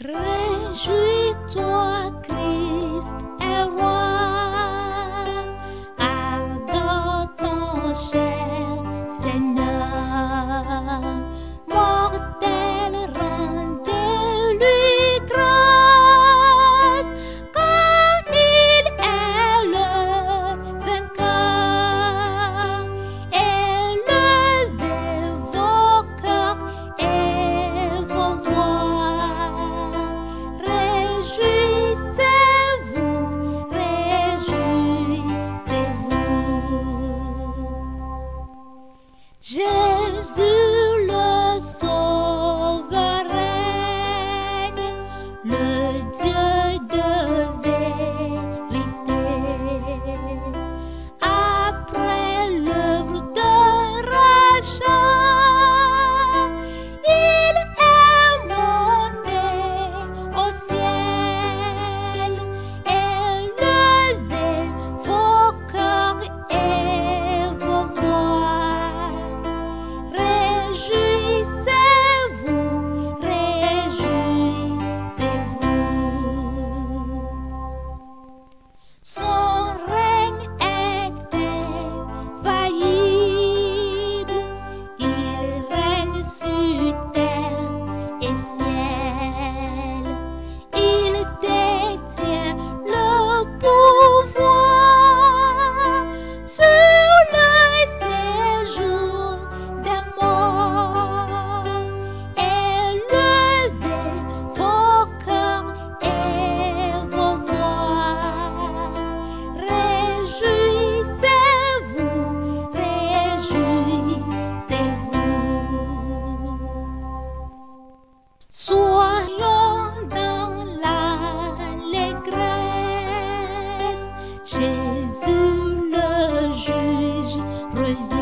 Réjouis Jésus. eyes